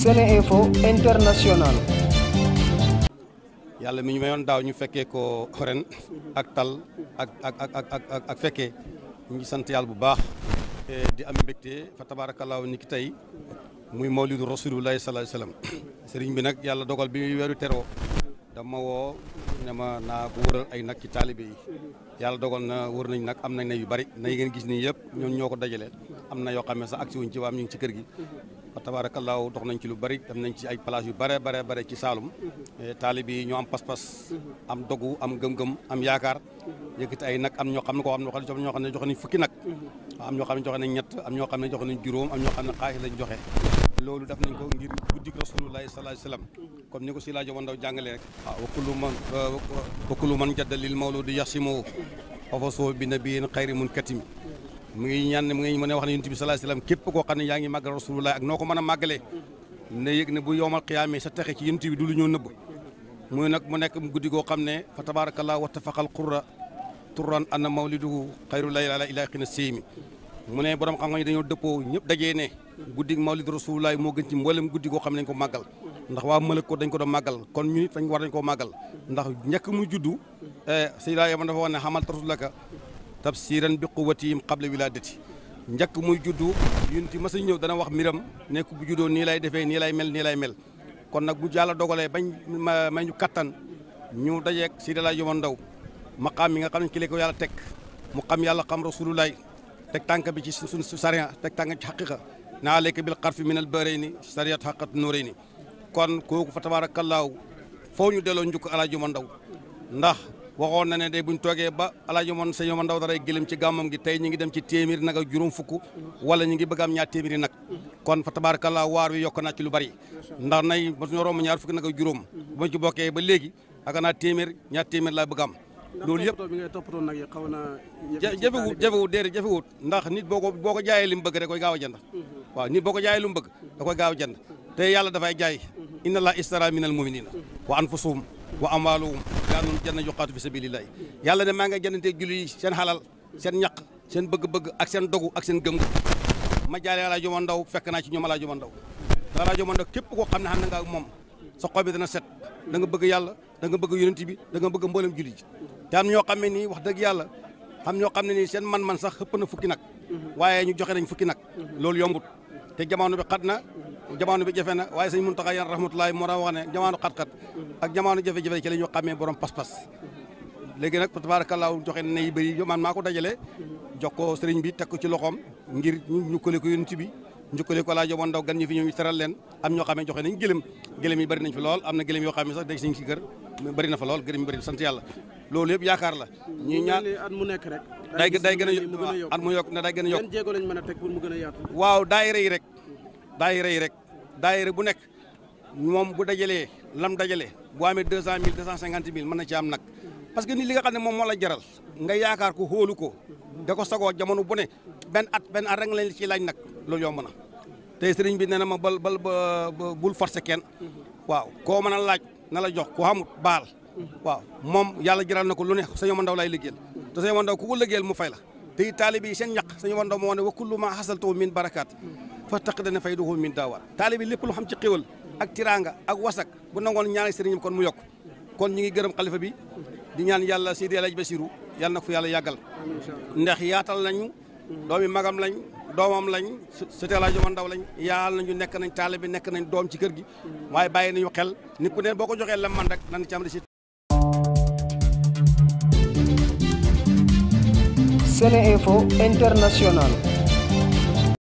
SeneInfo International. yàlla mi ñu mayoon daaw ñu fekkee ko ren ak tal ak ak ñu ngi sant yàlla bu baax. Eh, di am mbégte fa tabaarakallaahu ni ki tey muy mawlidu rasulillahi sallallahu alayhi bi nag yàlla dogal bi muy weeru teroo dama woo ne naa ko wëral ay nag ci taalibe yi yàlla dogal na wër nañ nag am na ne yu bari na ngeen gis nii yëpp ñoom ñoo ko dajale am na yoo xam ne sax agsi wuñ ci waam ñu ngi ci kër gi fa tabaarakallaahu dox nañ ci lu bari dem nañ ci ay place yu bare bare bare ci Saalum eh, taalibe yi ñoo am pas-pas am dogu am gëm-gëm am yaakaar yëkkati ay nag am ñoo xam ne koo xam ne xam ñoo xam ne joxe nañ fukki nag am ñoo xam ne joxe nañ ñett am ñoo xam ne joxe nañ juróom am ñoo xam ne xaalis lañ joxe loolu def nañ ko ngir guddik rasulullahi sallallahu alayhi wasallam comme ni ko si laajo ndaw jàngale rek waaw wakkulu man wakkulu man jadda lil mawludi yaxsimo fafasoo bi mu ngi ñaan mu ngi mën a wax ne yonent bi sallallahu alayhi képp koo xam ne yaa ngi màggal rasulullah ak noo ko mën a màggalee ne yëg ne bu yowmal qiyaamee sa texe ci yonent bi du lu ñoo nëbb mu nag mu nekk guddi goo xam ne fa tabarakallah wattafaqal qurra turan anna mawliduhu xayru layla ala ilaa xina séymi mu ne borom xam-xam yi dañoo dëppoo ñëpp dajee ne guddi mawlid rasulullah moo gën ci mboolem guddi goo xam ne dañ ko màggal ndax waa mëlëk ko dañ ko doon màggal kon ñu nit fañ war dañ koo màggal ndax njëkk mu juddu eh, Seydina Yamane dafa wax ne xamal rasulaka tafsiran bi quwwatihim qabla wiladati njëkk muy juddu yunti mas a ñëw dana wax mbiram nekk bu juddoo nii lay defee nii lay mel nii lay mel kon nag bu Yàlla dogalee bañ ma ñu kattan ñu dajeeg Seydi Laaji Omar Ndaw xam mi nga xam ne ci ko yàlla teg mu xam yàlla xam lay teg tànk bi ci suñ sariya teg tànk ci xaqiqa naa aleyka bil xarfi min al barayni sariyat xaqat nuurayni kon kooku fa tabaarakallaahu foo ñu delloo njukk Alaaji Ndaw waxoon na ne de buñ toogee ba alaaji moon sëñ Omar Ndaw daray gëlëm ci gàmmam gi tey ñu ngi dem ci téeméer nag ak juróom fukk wala ñu ngi bëgg am ñaar téeméeri nag kon fa tabaarakallaa waar wi yokk naa ci lu bari ndax nay masuñu romb ñaar fukk nag ak juróom bu ma ci bokkee ba léegi ak naa téeméer ñaar téeméer laa bëgg am loolu yëpp jafewut jafewut déedéet jafewut ndax nit boo ko boo ko jaayee li mu bëgg da koy gaaw a jënd waaw nit boo ko jaayee li mu bëgg da koy gaaw a jënd te yàlla dafay jaay mhm. inna laa istara minal muminina wa anfusahum wa amwaaluhum kaanun janna yuqaatu fi sabilillahi yàlla ne maa nga jëndantee julli yi seen xalal seen ñaq seen bëgg-bëgg ak seen dogu ak seen gëm ma jaale alaa joma fekk naa ci ñoom alaa joma ndaw te alaa joma ndaw képp koo xam ne xam na nga moom sa xol bi set da nga bëgg yàlla danga nga bëgg yonent bi da nga bëgg mboolem julli ji te am ñoo xam ne nii wax dëgg yàlla xam ñoo xam ne nii seen man-man sax xëpp na fukki nag mhm. waaye ñu joxe nañ fukki nag mhm. loolu yombut te jamono bi xat jamaano bi jafe na waaye sëñ Muntaxa yan rahmatulahi moo daan wax ne jamaano xat-xat ak jamaano jafe-jafe ci la ñu xàmmee borom pas-pas léegi nag tabaarakallaa joxe na ko dajale jox ko sëriñ bi teg ko ci loxoom ngir ñu ñukkale ko yonent bi njukkale ko laa joboon ndaw gan ñu xam ne joxe nañ gëlëm gëlëm yi bëri nañ fi lool am na gëlëm yoo xam sax dañ siñ si kër na fa lool gëlëm yi bëri sant yàlla loolu yëpp yaakaar la ñu ñaan at nekk rek gën a yokk lañ teg pour mu gën a yaatu waaw daayira yi rek daayira yi rek daayira bu nekk moom bu dajalee lam dajale bu amee deux cent mille deux cent cinquante mille mën na ci am nag parce que ni li nga xam ne moom moo la jaral nga yaakaar ko xóolu ko da ko sagoo jamono bu ne benn at ben at rek lañ ci laaj nag loolu yomb na te sëriñ bi nee na ma bal bal bul forcer kenn waaw koo mën a laaj na la jox ko xamut baal waaw moom yàlla jaral na ko lu ne sëñ Omar Ndao laay liggéeyal te sëñ Omar Ndao ku ko liggéeyal mu fay la te taalibe yi seen ñaq sëñ Omar Ndao moo fa taq dana fay duxu min daawa taalibi lépp lu xam ci xéwal ak tiraanga ak wasak bu nangoon ñaanal sëriñam kon mu yokk kon ñu ngi gërëm xalifa bi di ñaan yàlla Seydi El Hadji Bassirou yàlla na ko fi yàlla yàggal ndax yaatal doom doomi magam lañ doomam lañ sëteelaa joma ndaw lañ yaal nañu nekk nañ taalibi nekk nañ doom ci kër gi waaye bàyyi nañu xel nit ku ne boo ko joxee lam man rek nan ci am résultat SeneInfo International